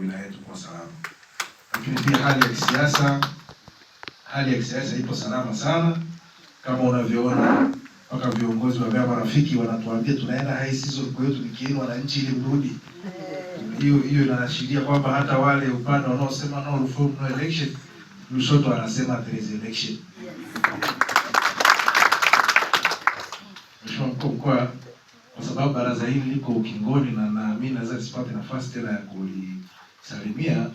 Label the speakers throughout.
Speaker 1: wilaya yetu kwa salama, lakini pia hali ya kisiasa, hali ya kisiasa ipo salama sana kama unavyoona mpaka viongozi wa vyama rafiki wanatuambia tunaenda high season, kwa hiyo tunikieni wananchi ili mrudi. Hiyo hiyo inaashiria kwamba hata wale upande wanaosema no reform no election, Lushoto anasema there is election. Mheshimiwa Mkuu Mkoa, kwa sababu baraza hili liko ukingoni na naamini naweza nisipate nafasi tena ya kuli salimia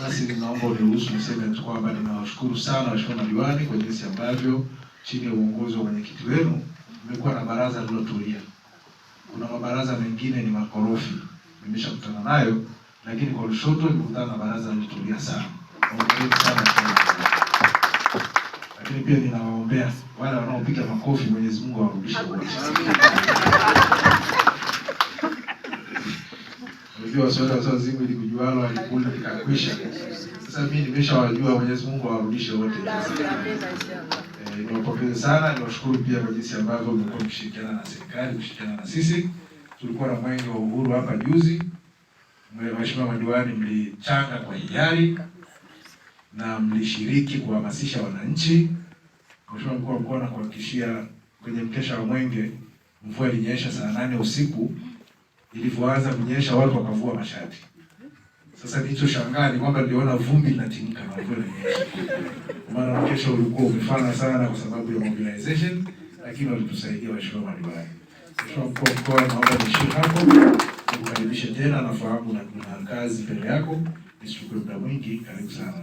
Speaker 1: basi ninaomba uniruhusu niseme tu kwamba ninawashukuru sana waheshimiwa madiwani kwa jinsi ambavyo chini ya uongozi wa mwenyekiti wenu mmekuwa na baraza lililotulia. Kuna mabaraza mengine ni makorofi, nimeshakutana nayo, lakini kwa Lushoto nimekutana na baraza lililotulia sana. Hongereni sana. Lakini pia ninawaombea wale wanaopiga makofi, Mwenyezi Mungu awarudishe kujua wasiwasi wazazimu ili kujualo walikula likakwisha. Sasa mimi nimeshawajua, Mwenyezi Mungu awarudishe wote. Eh, niwapongeze sana, niwashukuru pia kwa jinsi ambavyo mmekuwa mkishirikiana na serikali, mkishirikiana na sisi. Tulikuwa na mwenge wa uhuru hapa juzi. Mheshimiwa madiwani, mlichanga kwa hiari na mlishiriki kuhamasisha wananchi. Mheshimiwa mkuu wa mkoa anakuhakikishia kwenye mkesha wa mwenge, mvua ilinyesha saa nane usiku ilivyoanza kunyesha watu wakavua mashati. Sasa shangaa ni kwamba niliona vumbi linatimka na mvua inanyesha. Maana mkesha ulikuwa umefana sana kwa sababu ya mobilization, lakini walitusaidia waheshimiwa mbalimbali. Mheshimiwa mkuu wa mkoa, naomba hapo nikukaribishe tena, nafahamu na kuna kazi mbele yako, nisichukue muda mwingi. Karibu sana